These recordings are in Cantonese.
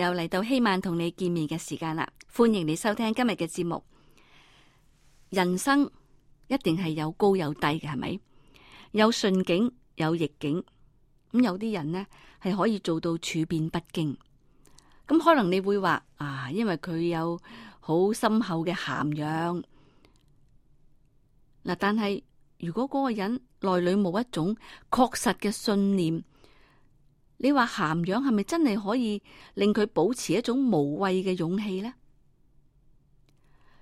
又嚟到希曼同你見面嘅時間啦，歡迎你收聽今日嘅節目。人生一定係有高有低嘅，係咪？有順境有逆境，咁有啲人呢，係可以做到處變不驚。咁可能你會話啊，因為佢有好深厚嘅涵養嗱，但係如果嗰個人內裏冇一種確實嘅信念。你話涵養係咪真係可以令佢保持一種無畏嘅勇氣呢？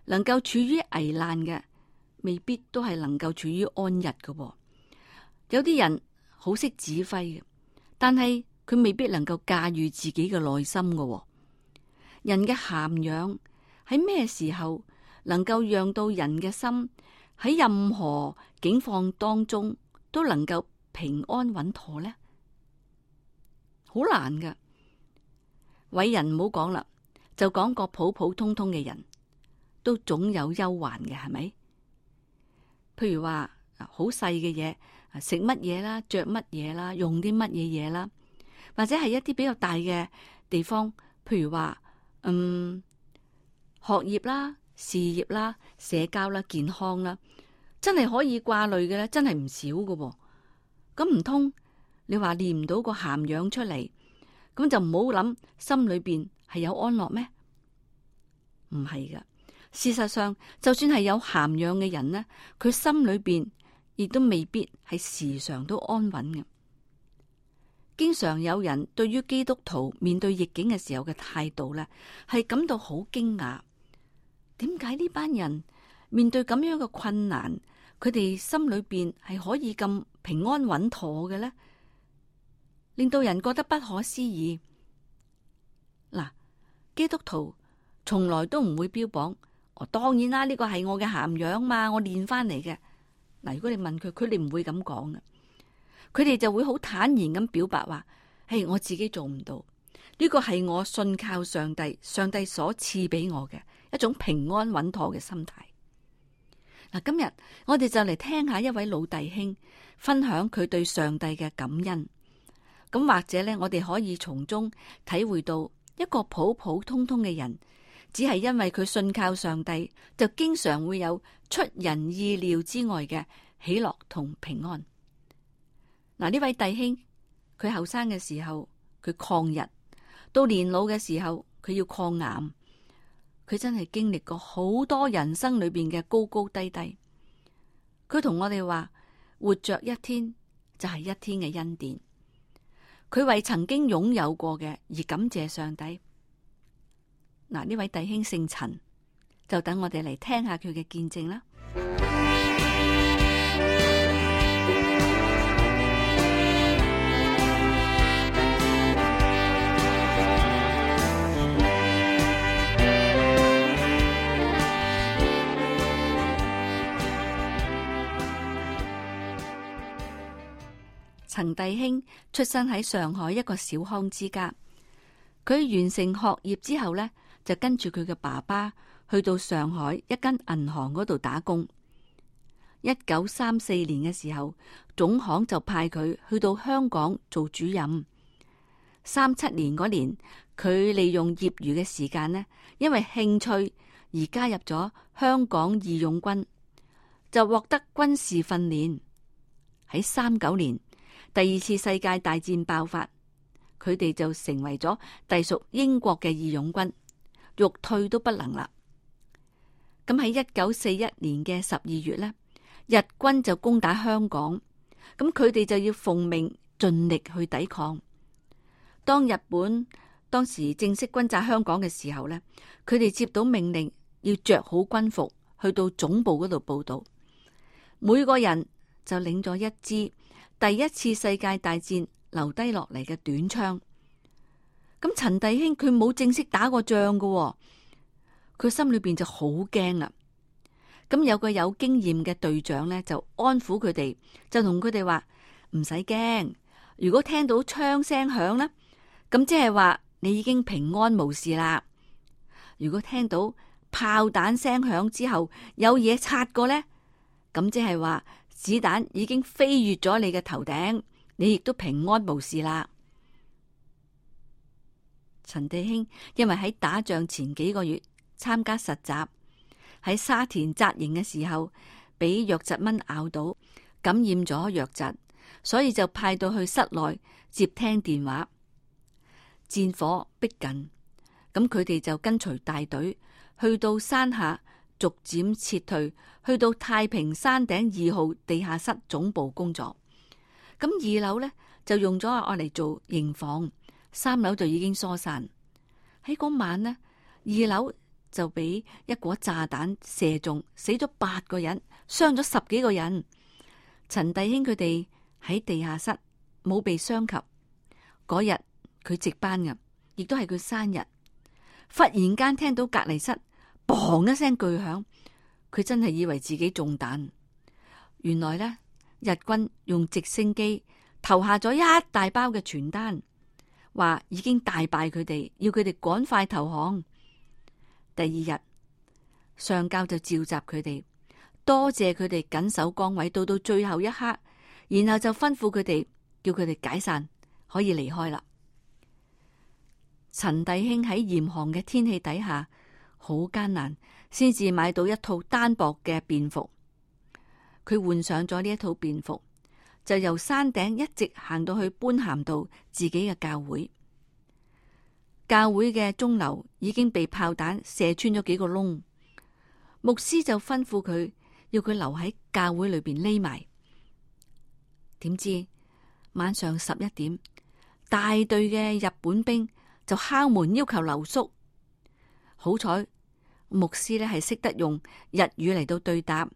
能夠處於危難嘅，未必都係能夠處於安逸嘅、哦。有啲人好識指揮嘅，但係佢未必能夠駕馭自己嘅內心嘅、哦。人嘅涵養喺咩時候能夠讓到人嘅心喺任何境況當中都能夠平安穩妥呢？好難噶，偉人唔好講啦，就講個普普通通嘅人都總有憂患嘅，係咪？譬如話好細嘅嘢，食乜嘢啦，着乜嘢啦，用啲乜嘢嘢啦，或者係一啲比較大嘅地方，譬如話嗯學業啦、事業啦、社交啦、健康啦，真係可以掛慮嘅咧，真係唔少噶喎，咁唔通？你話念唔到個涵養出嚟，咁就唔好諗，心裏邊係有安樂咩？唔係噶。事實上，就算係有涵養嘅人呢，佢心裏邊亦都未必係時常都安穩嘅。經常有人對於基督徒面對逆境嘅時候嘅態度咧，係感到好驚訝。點解呢班人面對咁樣嘅困難，佢哋心裏邊係可以咁平安穩妥嘅咧？令到人覺得不可思議嗱，基督徒從來都唔會標榜。哦，當然啦，呢個係我嘅涵養嘛，我練翻嚟嘅嗱。如果你問佢，佢哋唔會咁講嘅，佢哋就會好坦然咁表白：話誒，我自己做唔到呢個係我信靠上帝，上帝所賜俾我嘅一種平安穩妥嘅心態嗱。今日我哋就嚟聽下一位老弟兄分享佢對上帝嘅感恩。咁或者咧，我哋可以從中體會到一個普普通通嘅人，只係因為佢信靠上帝，就經常會有出人意料之外嘅喜樂同平安。嗱，呢位弟兄，佢後生嘅時候佢抗日，到年老嘅時候佢要抗癌，佢真係經歷過好多人生裏邊嘅高高低低。佢同我哋話，活着一天就係一天嘅恩典。佢為曾經擁有過嘅而感謝上帝。嗱，呢位弟兄姓陳，就等我哋嚟聽下佢嘅見證啦。陳弟兄出生喺上海一個小康之家。佢完成學業之後呢，就跟住佢嘅爸爸去到上海一間銀行嗰度打工。一九三四年嘅時候，總行就派佢去到香港做主任。三七年嗰年，佢利用業餘嘅時間呢，因為興趣而加入咗香港義勇軍，就獲得軍事訓練。喺三九年。第二次世界大戰爆發，佢哋就成為咗隸屬英國嘅義勇軍，欲退都不能啦。咁喺一九四一年嘅十二月呢，日軍就攻打香港，咁佢哋就要奉命盡力去抵抗。當日本當時正式轟炸香港嘅時候呢，佢哋接到命令要着好軍服去到總部嗰度報道，每個人就領咗一支。第一次世界大戰留低落嚟嘅短槍，咁陳弟兄佢冇正式打過仗㗎喎。佢心裏邊就好驚啦，咁有個有經驗嘅隊長咧，就安撫佢哋，就同佢哋話唔使驚，如果聽到槍聲響咧，咁即係話你已經平安無事啦。如果聽到炮彈聲響之後有嘢擦過咧，咁即係話。子彈已經飛越咗你嘅頭頂，你亦都平安無事啦。陳地興因為喺打仗前幾個月參加實習，喺沙田紮營嘅時候俾瘧疾蚊咬到，感染咗瘧疾，所以就派到去室內接聽電話。戰火逼近，咁佢哋就跟隨大隊去到山下。逐漸撤退，去到太平山頂二號地下室總部工作。咁二樓咧就用咗嚟做營房，三樓就已經疏散。喺嗰晚呢，二樓就俾一顆炸彈射中，死咗八個人，傷咗十幾個人。陳弟兄佢哋喺地下室冇被傷及。嗰日佢值班㗎，亦都係佢生日。忽然間聽到隔離室。砰一聲巨響，佢真係以為自己中彈。原來呢，日軍用直升機投下咗一大包嘅傳單，話已經大敗佢哋，要佢哋趕快投降。第二日上交就召集佢哋，多謝佢哋緊守崗位到到最後一刻，然後就吩咐佢哋叫佢哋解散，可以離開啦。陳弟兄喺嚴寒嘅天氣底下。好艱難，先至買到一套單薄嘅便服。佢換上咗呢一套便服，就由山頂一直行到去般咸道自己嘅教會。教會嘅鐘樓已經被炮彈射穿咗幾個窿，牧師就吩咐佢要佢留喺教會裏邊匿埋。點知晚上十一點，大隊嘅日本兵就敲門要求留宿。好彩，牧師咧係識得用日語嚟到對答，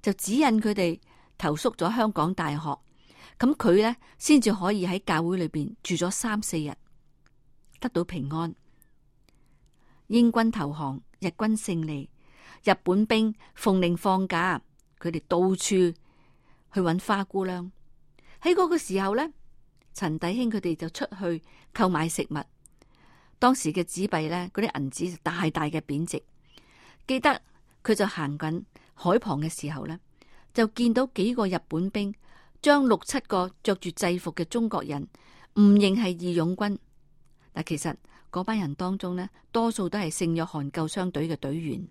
就指引佢哋投宿咗香港大學。咁佢咧先至可以喺教會裏邊住咗三四日，得到平安。英軍投降，日軍勝利，日本兵奉令放假，佢哋到處去揾花姑娘。喺嗰個時候咧，陳弟兄佢哋就出去購買食物。當時嘅紙幣咧，嗰啲銀紙就大大嘅貶值。記得佢就行緊海旁嘅時候咧，就見到幾個日本兵將六七個着住制服嘅中國人誤認係義勇軍。但其實嗰班人當中咧，多數都係聖約翰救傷隊嘅隊員，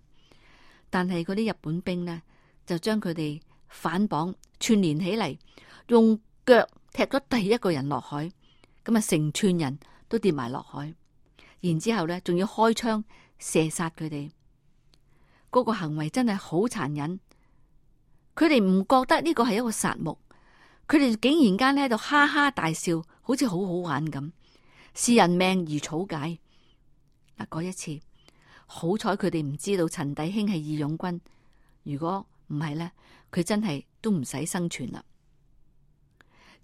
但係嗰啲日本兵呢，就將佢哋反綁串連起嚟，用腳踢咗第一個人落海，咁啊，成串人都跌埋落海。然之後咧，仲要開槍射殺佢哋，嗰個行為真係好殘忍。佢哋唔覺得呢個係一個殺戮，佢哋竟然間咧喺度哈哈大笑，好似好好玩咁。視人命如草芥嗱，嗰一次好彩佢哋唔知道陳弟興係義勇軍，如果唔係咧，佢真係都唔使生存啦。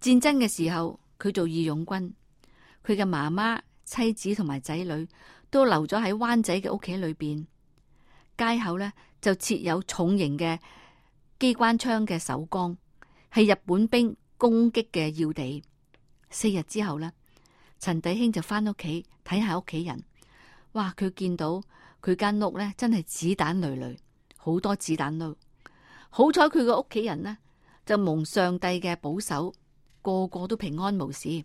戰爭嘅時候，佢做義勇軍，佢嘅媽媽。妻子同埋仔女都留咗喺灣仔嘅屋企裏邊，街口咧就設有重型嘅機關槍嘅守崗，係日本兵攻擊嘅要地。四日之後咧，陳弟兄就翻屋企睇下屋企人。哇！佢見到佢間屋咧真係子彈累累，好多子彈窿。好彩佢個屋企人呢，就蒙上帝嘅保守，個個都平安無事。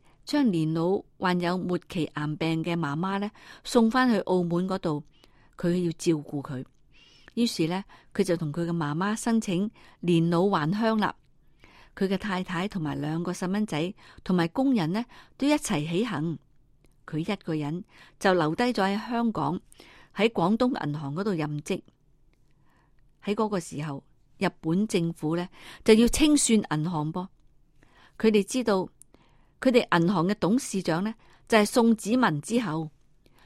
將年老患有末期癌病嘅媽媽咧送翻去澳門嗰度，佢要照顧佢。於是咧，佢就同佢嘅媽媽申請年老還鄉啦。佢嘅太太同埋兩個細蚊仔，同埋工人咧都一齊起、起行，佢一個人就留低咗喺香港，喺廣東銀行嗰度任職。喺嗰個時候，日本政府咧就要清算銀行噃，佢哋知道。佢哋銀行嘅董事長呢，就係、是、宋子文之後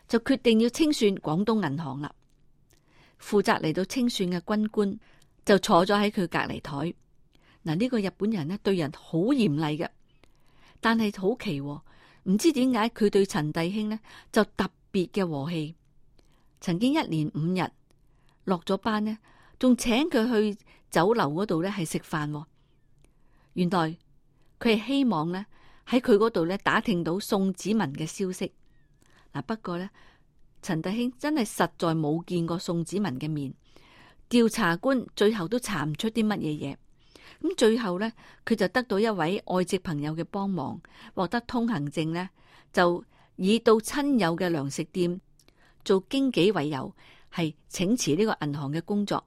就決定要清算廣東銀行啦。負責嚟到清算嘅軍官就坐咗喺佢隔籬台嗱。呢、這個日本人呢，對人好嚴厲嘅，但係好奇唔、哦、知點解佢對陳弟兄呢，就特別嘅和氣。曾經一連五日落咗班呢，仲請佢去酒樓嗰度咧係食飯、哦。原來佢係希望咧。喺佢嗰度咧打聽到宋子文嘅消息，不過咧，陳德興真係實在冇見過宋子文嘅面，調查官最後都查唔出啲乜嘢嘢。咁最後咧，佢就得到一位外籍朋友嘅幫忙，獲得通行證咧，就以到親友嘅糧食店做經紀為由，係請辭呢個銀行嘅工作。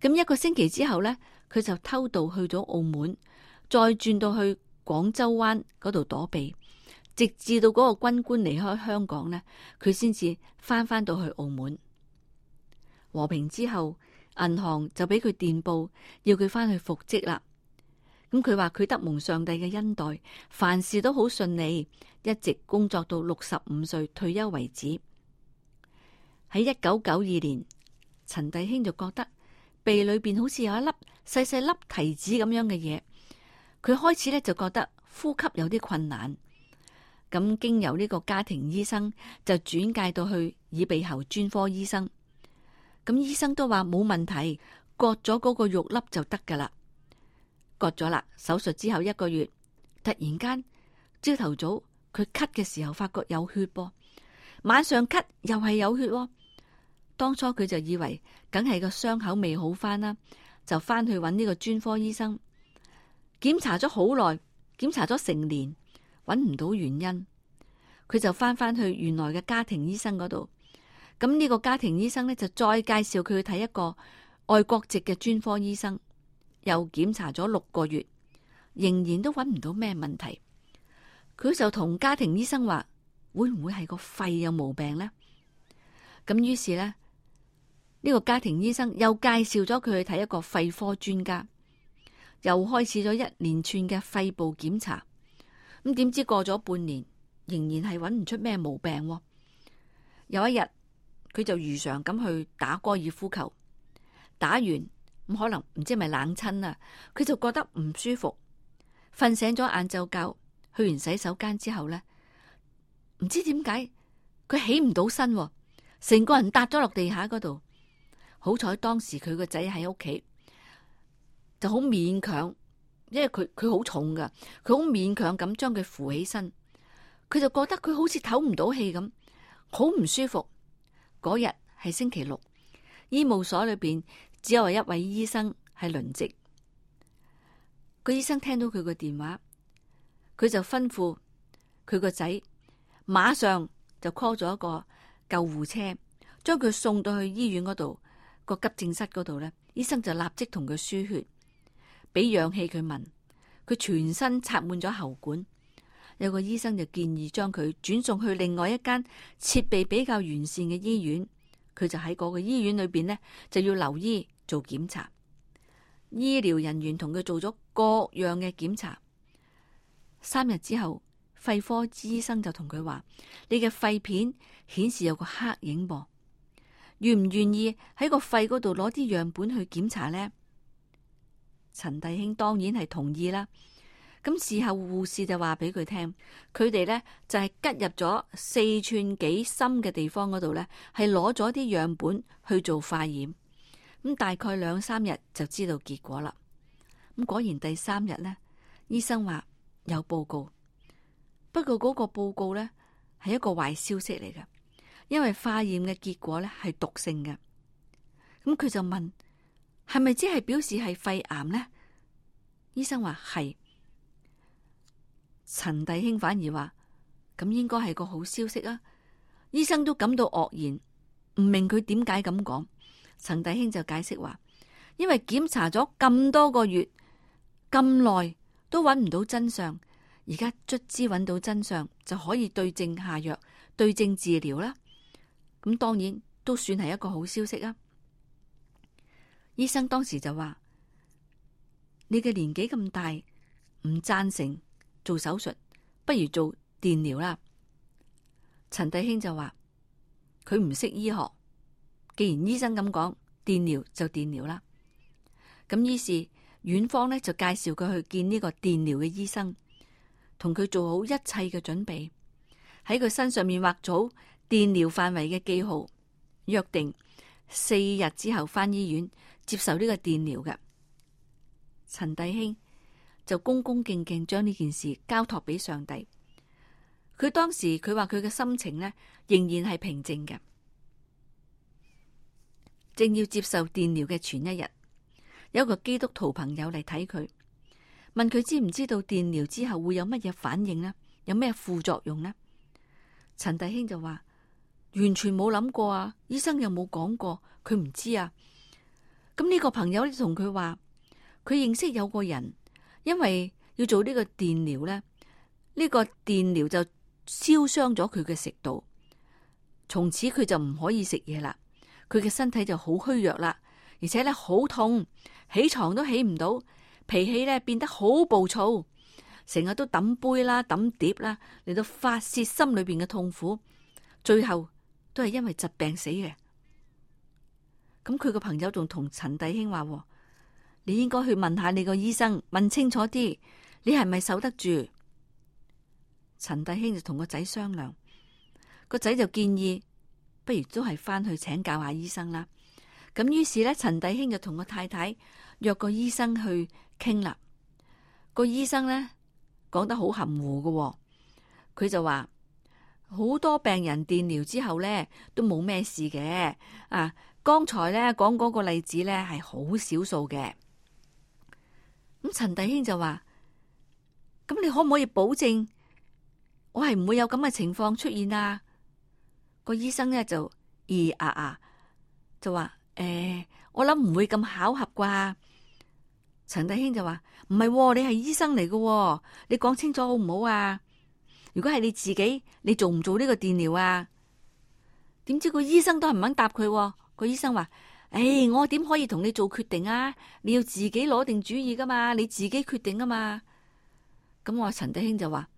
咁一個星期之後咧，佢就偷渡去咗澳門，再轉到去。廣州灣嗰度躲避，直至到嗰個軍官離開香港呢，佢先至翻返到去澳門。和平之後，銀行就俾佢電報，要佢翻去復職啦。咁佢話佢得蒙上帝嘅恩待，凡事都好順利，一直工作到六十五歲退休為止。喺一九九二年，陳弟兄就覺得，鼻裏邊好似有一粒細細粒提子咁樣嘅嘢。佢開始咧就覺得呼吸有啲困難，咁經由呢個家庭醫生就轉介到去耳鼻喉專科醫生，咁醫生都話冇問題，割咗嗰個肉粒就得噶啦，割咗啦。手術之後一個月，突然間朝頭早佢咳嘅時候發覺有血噃，晚上咳又係有血，當初佢就以為梗係個傷口未好翻啦，就翻去揾呢個專科醫生。檢查咗好耐，檢查咗成年，揾唔到原因，佢就翻返去原來嘅家庭醫生嗰度。咁呢個家庭醫生咧就再介紹佢去睇一個外國籍嘅專科醫生，又檢查咗六個月，仍然都揾唔到咩問題。佢就同家庭醫生話：「會唔會係個肺有毛病呢？」咁於是呢，呢個家庭醫生又介紹咗佢去睇一個肺科專家。又開始咗一連串嘅肺部檢查，咁點知過咗半年，仍然係揾唔出咩毛病。有一日，佢就如常咁去打高爾夫球，打完咁可能唔知係咪冷親啦，佢就覺得唔舒服，瞓醒咗晏晝覺，去完洗手間之後咧，唔知點解佢起唔到身，成個人搭咗落地下嗰度，好彩當時佢個仔喺屋企。就好勉強，因為佢佢好重噶，佢好勉強咁將佢扶起身。佢就覺得佢好似唞唔到氣咁，好唔舒服。嗰日係星期六，醫務所裏邊只有一位醫生係輪值。個醫生聽到佢個電話，佢就吩咐佢個仔馬上就 call 咗一個救護車，將佢送到去醫院嗰度、個急症室嗰度咧。醫生就立即同佢輸血。俾氧氣佢聞，佢全身插滿咗喉管。有個醫生就建議將佢轉送去另外一間設備比較完善嘅醫院。佢就喺嗰個醫院裏邊呢，就要留醫做檢查。醫療人員同佢做咗各樣嘅檢查。三日之後，肺科醫生就同佢話：「你嘅肺片顯示有個黑影噃，願唔願意喺個肺嗰度攞啲樣本去檢查呢？」陳弟兄當然係同意啦。咁事後護士就話俾佢聽，佢哋咧就係吉入咗四寸幾深嘅地方嗰度咧，係攞咗啲樣本去做化驗。咁大概兩三日就知道結果啦。咁果然第三日咧，醫生話有報告，不過嗰個報告咧係一個壞消息嚟嘅，因為化驗嘅結果咧係毒性嘅。咁佢就問。係咪只係表示係肺癌呢？醫生話係，陳弟兄反而話咁應該係個好消息啊！醫生都感到愕然，唔明佢點解咁講。陳弟兄就解釋話，因為檢查咗咁多個月咁耐都揾唔到真相，而家卒之揾到真相就可以對症下藥、對症治療啦。咁當然都算係一個好消息啊！醫生當時就話：你嘅年紀咁大，唔贊成做手術，不如做電療啦。陳弟兄就話：佢唔識醫學，既然醫生咁講，電療就電療啦。咁於是院方呢就介紹佢去見呢個電療嘅醫生，同佢做好一切嘅準備，喺佢身上面畫咗電療範圍嘅記號，約定。四日之後翻醫院接受呢個電療嘅，陳弟兄就恭恭敬敬將呢件事交託俾上帝。佢當時佢話佢嘅心情呢，仍然係平靜嘅，正要接受電療嘅前一日，有一個基督徒朋友嚟睇佢，問佢知唔知道電療之後會有乜嘢反應呢，有咩副作用呢？陳弟兄就話。完全冇諗過啊！醫生有冇講過，佢唔知啊。咁呢個朋友呢，同佢話佢認識有個人，因為要做呢個電療咧，呢、呢個電療就燒傷咗佢嘅食道，從此佢就唔可以食嘢啦。佢嘅身體就好虛弱啦，而且咧好痛，起床都起唔到，脾氣咧變得好暴躁，成日都抌杯啦、抌碟啦，嚟到發泄心裏邊嘅痛苦，最後。都係因為疾病死嘅，咁佢個朋友仲同陳大興話：你應該去問下你個醫生，問清楚啲，你係咪守得住？陳大興就同個仔商量，個仔就建議，不如都係翻去請教下醫生啦。咁於是咧，陳大興就同個太太約個醫生去傾啦。個醫生咧講得好含糊嘅，佢就話。好多病人電療之後咧都冇咩事嘅啊！剛才咧講嗰個例子咧係好少數嘅。咁陳大軒就話：，咁你可唔可以保證我係唔會有咁嘅情況出現啊？個醫生咧就咦呀呀，就話：，誒、啊啊欸，我諗唔會咁巧合啩。陳大軒就話：，唔係、啊，你係醫生嚟嘅、啊，你講清楚好唔好啊？如果係你自己，你做唔做呢個電療啊？點知個醫生都唔肯答佢，啊？個醫生話：，唉，哎，我點可以同你做決定啊？你要自己攞定主意噶嘛？你自己決定噶嘛？咁我陳德興就話：，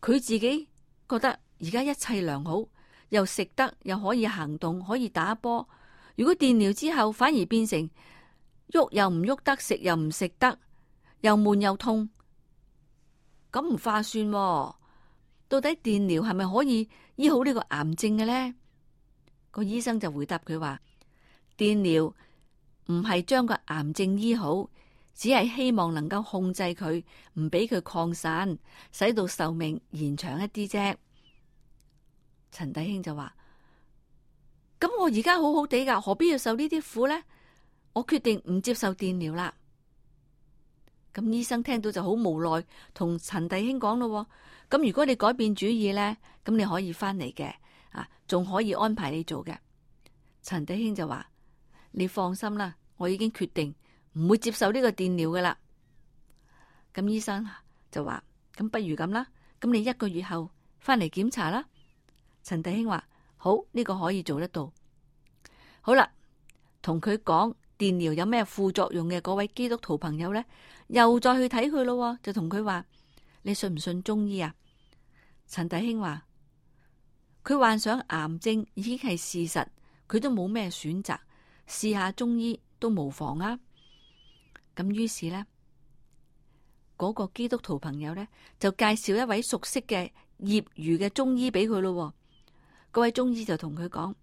佢自己覺得而家一切良好，又食得，又可以行動，可以打波。如果電療之後反而變成喐又唔喐得，食又唔食得，又悶又痛。咁唔化算喎？到底電療係咪可以醫好呢個癌症嘅咧？個醫生就回答佢話：電療唔係將個癌症醫好，只係希望能夠控制佢，唔俾佢擴散，使到壽命延長一啲啫。陳弟兄就話：咁我而家好好地噶，何必要受呢啲苦咧？我決定唔接受電療啦。咁醫生聽到就好無奈，同陳弟兄講咯、哦。咁如果你改變主意咧，咁你可以翻嚟嘅，啊，仲可以安排你做嘅。陳弟兄就話：，你放心啦，我已經決定唔會接受呢個電療噶啦。咁醫生就話：，咁不如咁啦，咁你一個月後翻嚟檢查啦。陳弟兄話：，好呢、呢個可以做得到。好啦，同佢講。電療有咩副作用嘅？嗰位基督徒朋友咧，又再去睇佢咯，就同佢話：你信唔信中醫啊？陳弟兄話：佢患上癌症已經係事實，佢都冇咩選擇，試下中醫都無妨啊！咁於是咧，嗰個基督徒朋友咧就介紹一位熟悉嘅業餘嘅中醫俾佢咯。嗰位中醫就同佢講。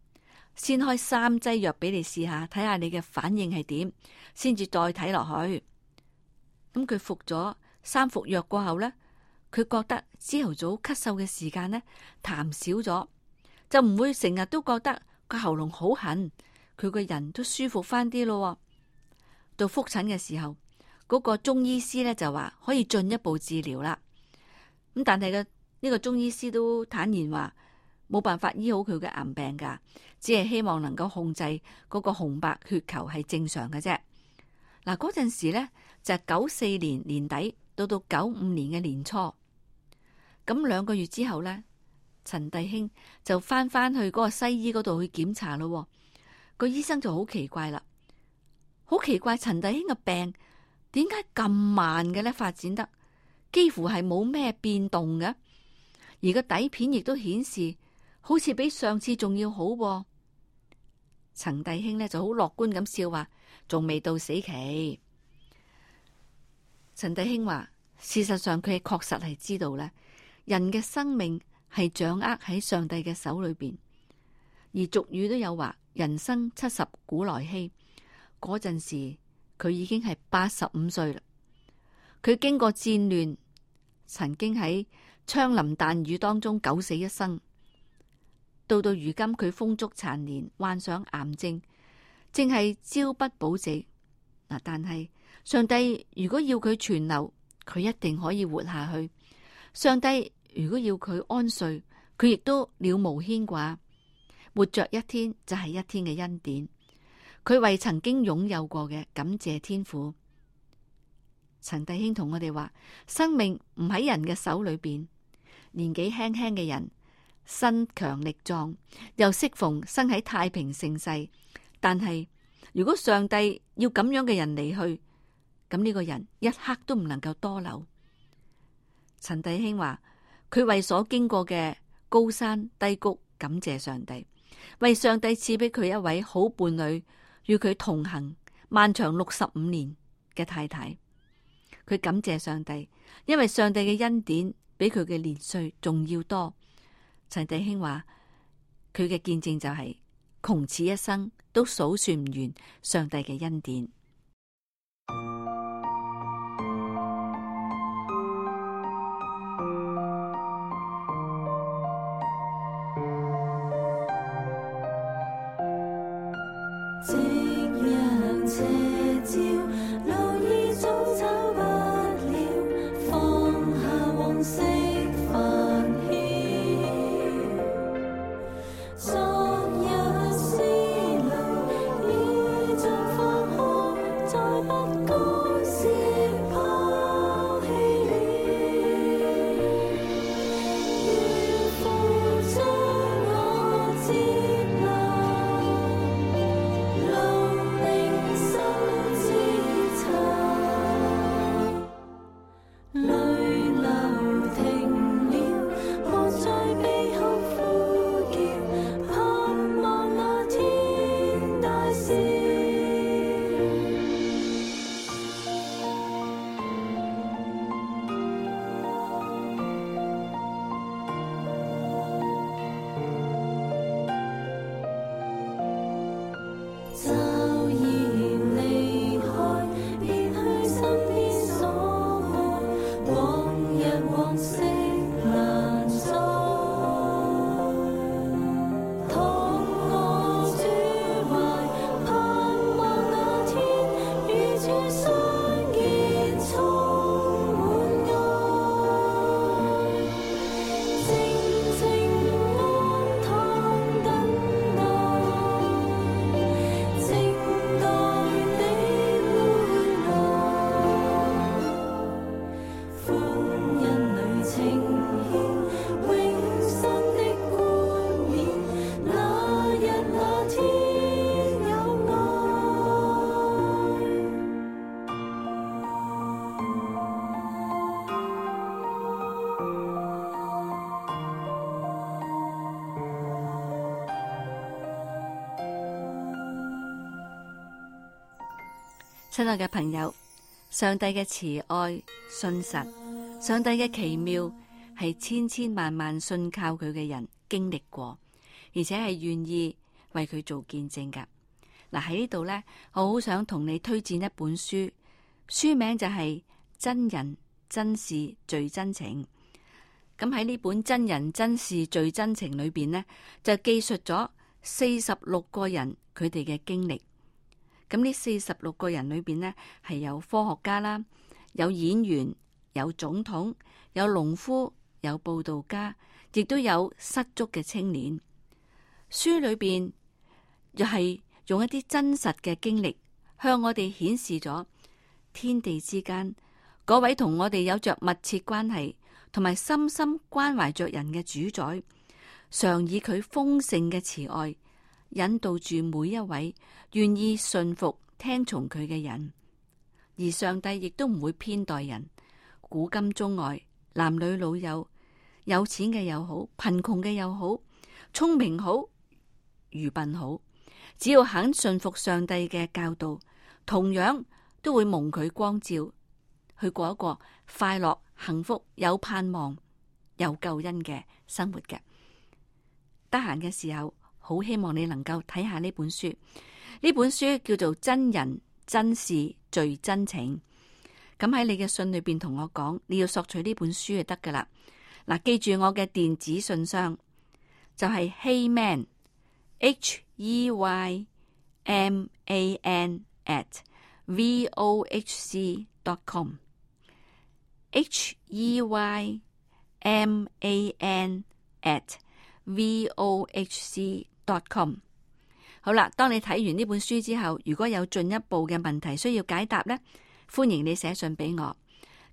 先開三劑藥俾你試下，睇下你嘅反應係點，先至再睇落去。咁佢服咗三服藥過後咧，佢覺得朝頭早咳嗽嘅時間咧，痰少咗，就唔會成日都覺得個喉嚨好痕，佢個人都舒服翻啲咯。到複診嘅時候，嗰個中醫師咧就話可以進一步治療啦。咁但係嘅呢個中醫師都坦言話。冇辦法醫好佢嘅癌病噶，只係希望能夠控制嗰個紅白血球係正常嘅啫。嗱，嗰陣時咧就係九四年年底到到九五年嘅年初，咁兩個月之後咧，陳弟兄就翻翻去嗰個西醫嗰度去檢查咯、哦。個醫生就好奇怪啦，好奇怪陳弟兄嘅病點解咁慢嘅咧？發展得幾乎係冇咩變動嘅，而個底片亦都顯示。好似比上次仲要好噃，啊？陳弟兄呢就好樂觀咁笑話，仲未到死期。陳弟兄話：事實上佢係確實係知道咧，人嘅生命係掌握喺上帝嘅手裏邊。而俗語都有話：人生七十古來稀。嗰陣時佢已經係八十五歲啦。佢經過戰亂，曾經喺槍林彈雨當中九死一生。到到如今，佢風燭殘年，患上癌症，正係朝不保夕。嗱，但係上帝如果要佢存留，佢一定可以活下去；上帝如果要佢安睡，佢亦都了無牽掛。活着一天就係、是、一天嘅恩典，佢為曾經擁有過嘅感謝天父。陳弟兄同我哋話：生命唔喺人嘅手裏邊，年紀輕輕嘅人，身強力壯，又適逢生喺太平盛世。但係如果上帝要咁樣嘅人離去，咁呢個人一刻都唔能夠多留。陳弟兄話，佢為所經過嘅高山低谷感謝上帝，為上帝賜俾佢一位好伴侶，與佢同行漫長六十五年嘅太太。佢感謝上帝，因為上帝嘅恩典比佢嘅年歲仲要多。陳弟兄話：佢嘅見證就係窮此一生都數算唔完上帝嘅恩典。親愛嘅朋友，上帝嘅慈愛、信實，上帝嘅奇妙係千千萬萬信靠佢嘅人經歷過，而且係願意為佢做見證噶。嗱，喺呢度呢，我好想同你推薦一本書，書名就係、是《真人真事最真情》。咁喺呢本《真人真事最真情》裏邊呢，就記述咗四十六個人佢哋嘅經歷。咁呢四十六個人裏面呢，係有科學家啦，有演員，有總統，有農夫，有報道家，亦都有失足嘅青年。書裏面又係用一啲真實嘅經歷，向我哋顯示咗天地之間嗰位同我哋有着密切關係，同埋深深關懷着人嘅主宰，常以佢豐盛嘅慈愛。引導住每一位願意信服聽從佢嘅人，而上帝亦都唔會偏待人，古今中外，男女老幼，有錢嘅又好，貧窮嘅又好，聰明好，愚笨好，只要肯信服上帝嘅教導，同樣都會蒙佢光照，去過一個快樂、幸福、有盼望、有救恩嘅生活嘅。得閒嘅時候。好希望你能夠睇下呢本書，呢本書叫做《真人真事最真情》。咁喺你嘅信裏邊同我講，你要索取呢本書就得噶啦。嗱，記住我嘅電子信箱就係 Heyman h e y m a n at v o h c dot com h e y m a n at v o h c dotcom 好啦，當你睇完呢本書之後，如果有進一步嘅問題需要解答呢，歡迎你寫信俾我。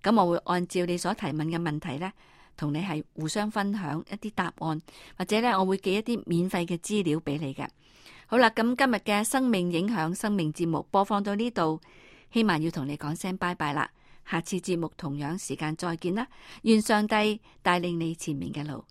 咁我會按照你所提問嘅問題呢，同你係互相分享一啲答案，或者呢，我會寄一啲免費嘅資料俾你嘅。好啦，咁今日嘅生命影響生命節目播放到呢度，希望要同你講聲拜拜啦。下次節目同樣時間再見啦。願上帝帶領你前面嘅路。